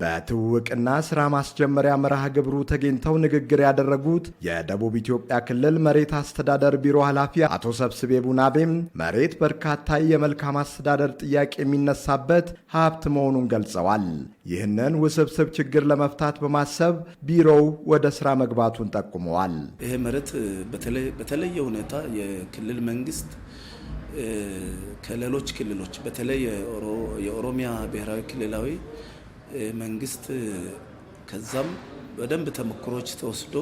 በትውውቅና ስራ ማስጀመሪያ መርሃ ግብሩ ተገኝተው ንግግር ያደረጉት የደቡብ ኢትዮጵያ ክልል መሬት አስተዳደር ቢሮ ኃላፊ አቶ ሰብስቤ ቡናቤም መሬት በርካታ የመልካም አስተዳደር ጥያቄ የሚነሳበት ሀብት መሆኑን ገልጸዋል። ይህንን ውስብስብ ችግር ለመፍታት በማሰብ ቢሮው ወደ ስራ መግባቱን ጠቁመዋል። ይሄ መሬት በተለየ ሁኔታ የክልል መንግስት ከሌሎች ክልሎች በተለይ የኦሮሚያ ብሔራዊ ክልላዊ መንግስት ከዛም በደንብ ተሞክሮች ተወስዶ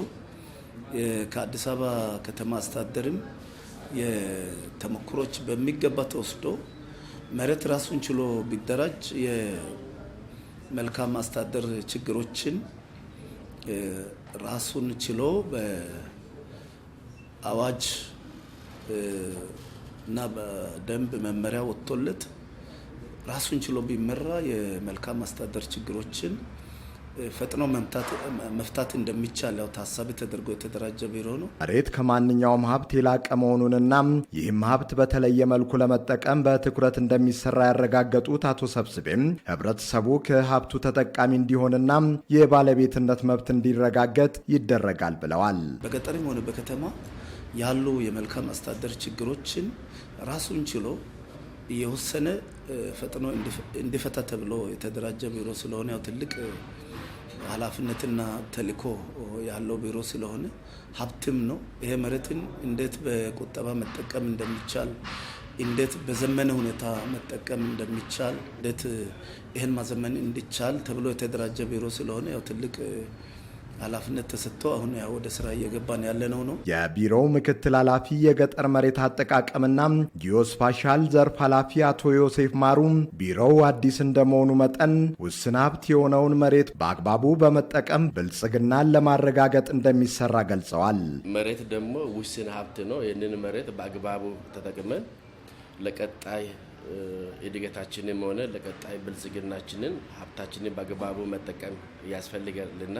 ከአዲስ አበባ ከተማ አስተዳደርም የተሞክሮች በሚገባ ተወስዶ መሬት ራሱን ችሎ ቢደራጅ የመልካም አስተዳደር ችግሮችን ራሱን ችሎ በአዋጅ እና በደንብ መመሪያ ወጥቶለት ራሱን ችሎ ቢመራ የመልካም አስተዳደር ችግሮችን ፈጥኖ መፍታት እንደሚቻል ያው ታሳቢ ተደርጎ የተደራጀ ቢሮ ነው። መሬት ከማንኛውም ሀብት የላቀ መሆኑንና ይህም ሀብት በተለየ መልኩ ለመጠቀም በትኩረት እንደሚሰራ ያረጋገጡት አቶ ሰብስቤም ህብረተሰቡ ከሀብቱ ተጠቃሚ እንዲሆንና የባለቤትነት መብት እንዲረጋገጥ ይደረጋል ብለዋል። በገጠርም ሆነ በከተማ ያሉ የመልካም አስተዳደር ችግሮችን ራሱን ችሎ የወሰነ ፈጥኖ እንዲፈታ ተብሎ የተደራጀ ቢሮ ስለሆነ ያው ትልቅ ኃላፊነትና ተልእኮ ያለው ቢሮ ስለሆነ ሀብትም ነው። ይሄ መሬትን እንዴት በቁጠባ መጠቀም እንደሚቻል፣ እንዴት በዘመነ ሁኔታ መጠቀም እንደሚቻል፣ እንዴት ይህን ማዘመን እንዲቻል ተብሎ የተደራጀ ቢሮ ስለሆነ ያው ትልቅ ኃላፊነት ተሰጥቶ አሁን ያው ወደ ስራ እየገባን ያለነው ነው። የቢሮው ምክትል ኃላፊ የገጠር መሬት አጠቃቀምና ጂኦስፓሻል ዘርፍ ኃላፊ አቶ ዮሴፍ ማሩ ቢሮው አዲስ እንደመሆኑ መጠን ውስን ሀብት የሆነውን መሬት በአግባቡ በመጠቀም ብልጽግናን ለማረጋገጥ እንደሚሰራ ገልጸዋል። መሬት ደግሞ ውስን ሀብት ነው። ይህንን መሬት በአግባቡ ተጠቅመን ለቀጣይ እድገታችንም ሆነ ለቀጣይ ብልጽግናችንን ሀብታችንን በአግባቡ መጠቀም ያስፈልጋልና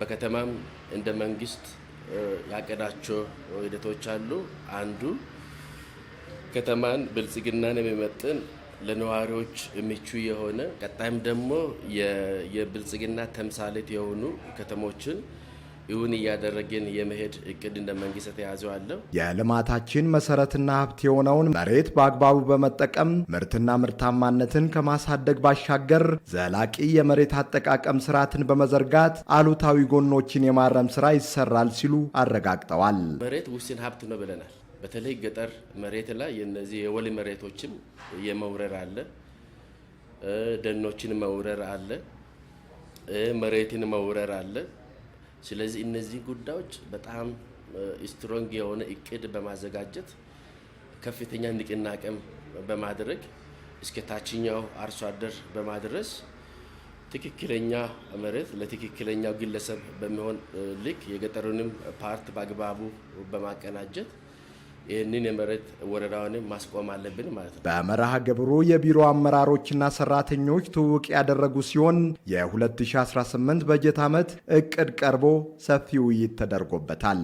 በከተማም እንደ መንግስት ያቀዳቸው ሂደቶች አሉ። አንዱ ከተማን ብልጽግናን የሚመጥን ለነዋሪዎች ምቹ የሆነ ቀጣይም ደግሞ የብልጽግና ተምሳሌት የሆኑ ከተሞችን እውን እያደረግን የመሄድ እቅድ እንደ መንግስት ተያዘው አለው። የልማታችን መሰረትና ሀብት የሆነውን መሬት በአግባቡ በመጠቀም ምርትና ምርታማነትን ከማሳደግ ባሻገር ዘላቂ የመሬት አጠቃቀም ስርዓትን በመዘርጋት አሉታዊ ጎኖችን የማረም ስራ ይሰራል ሲሉ አረጋግጠዋል። መሬት ውስን ሀብት ነው ብለናል። በተለይ ገጠር መሬት ላይ የነዚህ የወል መሬቶችም የመውረር አለ፣ ደኖችን መውረር አለ፣ መሬትን መውረር አለ ስለዚህ እነዚህ ጉዳዮች በጣም ስትሮንግ የሆነ እቅድ በማዘጋጀት ከፍተኛ ንቅናቄም በማድረግ እስከ ታችኛው አርሶ አደር በማድረስ ትክክለኛ መሬት ለትክክለኛው ግለሰብ በሚሆን ልክ የገጠሩንም ፓርት በአግባቡ በማቀናጀት ይህንን የመሬት ወረራውንም ማስቆም አለብን ማለት ነው። በመርሃ ግብሩ የቢሮ አመራሮችና ሰራተኞች ትውውቅ ያደረጉ ሲሆን የ2018 በጀት ዓመት እቅድ ቀርቦ ሰፊ ውይይት ተደርጎበታል።